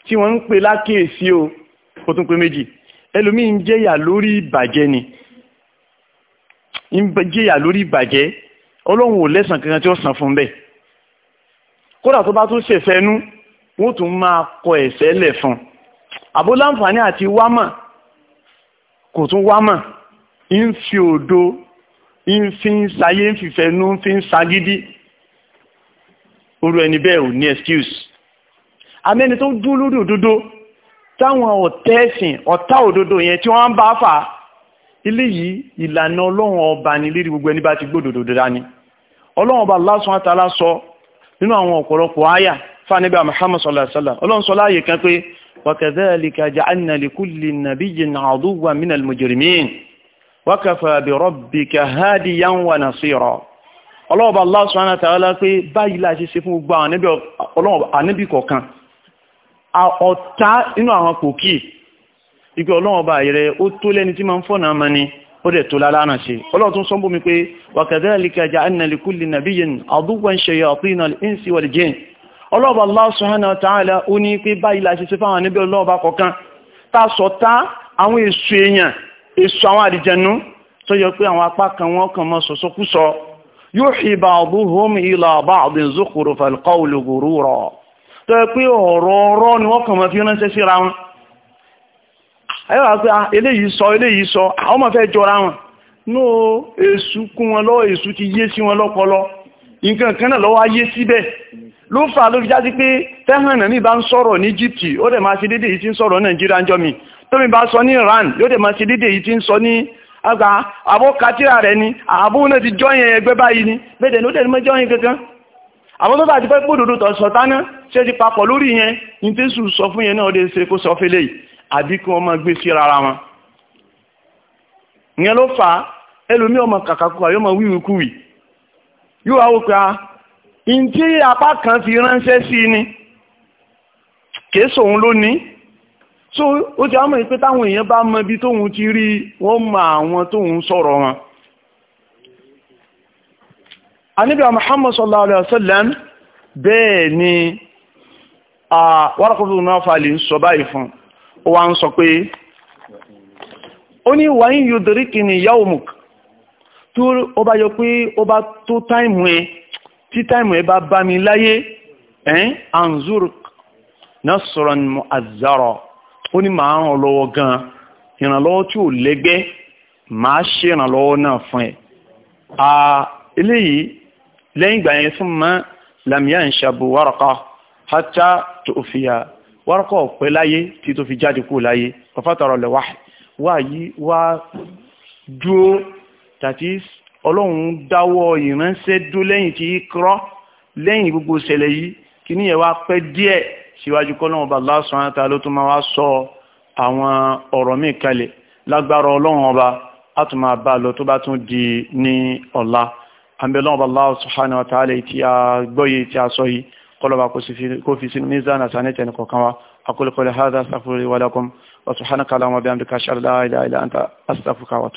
tí wọ́n ń pè lákèésí o ó tún pé méjì ẹlòmíín jẹ́yà lórí ìbàjẹ́ ni ń jẹ́yà lórí ìbàjẹ́ ọlọ́run ò lẹ́sàn kankan tí ó san fún bẹ́ẹ̀ kódà tó bá tún ṣẹ̀fẹ́ nú wọ́n tún máa kọ ẹ̀ṣẹ̀ lẹ̀ fún àbó láǹfààní àti wámà kò tún wámà ń fi òdo ń fi ń sayé ń fìfẹ́ nú ń fi ń sagídí orú ẹni bẹ́ẹ̀ ò ní excuse amẹ́ni tó dúró lórí òdodo táwọn ọ̀tẹ́ ẹ̀sìn ọ̀tá òdodo yẹn tí wọ́n ń bá fà á ilé yìí ìlànà ọlọ́run ọba ni lérí gbogbo ẹni bá ti gbódòdó dání ọlọ́run ọba Allah subhanahu sọ nínú àwọn ọ̀pọ̀lọpọ̀ àyà fánibà Muhammad sallallahu alaihi wasallam ọlọ́run sọ láàyè kan pé wa kadhalika ja'alna likulli nabiyyin aduwwan minal mujrimin wákàfà bí rabbika hadiyan wa nasira ọlọ́ọ̀bà Allah subhanahu wa ta'ala pé báyìí láti ṣe fún gbogbo àwọn ànábì kọ̀ọ̀kan ọ̀tá inú àwọn pòkì ìgbẹ́ ọlọ́ọ̀bà rẹ̀ ó tó lẹ́ni tí máa ń fọ́nà mọ́ ó dẹ̀ tó lálánà ṣe ọlọ́ọ̀tún èso àwọn àdìjẹnú tó yẹ pé àwọn apá kan wọ́n kàn mọ́ sọ̀sọ́kúsọ yuhi ba'duhum ila ba'din zukhrufal qawli ghurura tó yẹ pé ọ̀rọ̀ ọ̀rọ̀ ni wọ́n kàn mọ́ fi ránṣẹ́ síra wọn ayọ́wà pé ah, eléyìí sọ eléyìí sọ àwọn ọmọ jọra wọn ní èsù kún wọn lọ́wọ́ èsù ti yé sí wọn lọ́pọlọ nǹkan kan náà lọ́wọ́ ayé síbẹ̀ ló fà ló fi jásí pé tẹ́hànà ní bá ń sọ́rọ̀ ní Egypt ó dẹ̀ máa ṣe dédé yìí tí ń sọ̀rọ̀ Nàìjíríà jọ mi tó mi bá sọ ní Iran yóò dẹ̀ máa ṣe dédé yìí tí ń sọ ní àgbà rẹ̀ ni náà ti ni bẹ́ẹ̀ ló dẹ̀ ní mọ́jọ́yìn kankan tó bá ti pẹ́ gbódòdó tọ̀ ṣe ti papọ̀ lórí yẹn ní tí sùn sọ fún yẹn náà in tí apá kan fi ránṣẹ́ sí ni kéèsò òun ló ní so ó ti àmọ́ ìpé táwọn èèyàn bá mọ ibi tóun ti rí wọ́n mọ àwọn tóun sọ̀rọ̀ wọn Ànábì Muhammad sallallahu alaihi wasallam bẹ́ẹ̀ ni wárakọ́fún náà fàálì sọ báyìí fún ó wá ń sọ pé ó ní wáyín yóò tó ó bá yọ pé ó bá tó táìmù ẹ̀ tí táìmù ẹ bá bá mi láyé ẹ̀yìn anzur nasran mu'azzara ó ní màá ràn lọ́wọ́ gan ìrànlọ́wọ́ tí ò lẹ́gbẹ́ màá ṣe ìrànlọ́wọ́ náà fún ẹ. eléyìí lẹ́yìn ìgbà yẹn fún mọ́ lamiya ń ṣàbò wárọ̀kọ́ hátà tó fi yà wárọ̀kọ́ ọ̀pẹ́ láyé tí tó fi jáde kúrò láyé ọ̀fàtàrọ̀ lẹ̀ wá yí wá dúró that ọlọ́run dáwọ́ ìránṣẹ́ dó lẹ́yìn tí kúrọ́ lẹ́yìn gbogbo ìṣẹ̀lẹ̀ yìí kí ní ẹ̀wà pẹ́ díẹ̀ síwájú kọ́lọ́run ọba Allah subhanahu wa ta'ala ló tún máa wá sọ àwọn ọ̀rọ̀ míì kalẹ̀ lágbára ọlọ́run ọba a tún máa bá lọ tó bá tún di ní ọ̀la àbẹ̀lọ́run ọba Allah subhanahu wa ta'ala tí a gbọ́yé tí a sọ yìí kọlọba kó fi sí mizan àsánẹ́tẹ̀ ní kọ̀ọ̀kan wa aqulu qawli hadha astaghfirullahi wa lakum wa subhanaka allahumma wa bihamdika ashhadu an anta astaghfiruka wa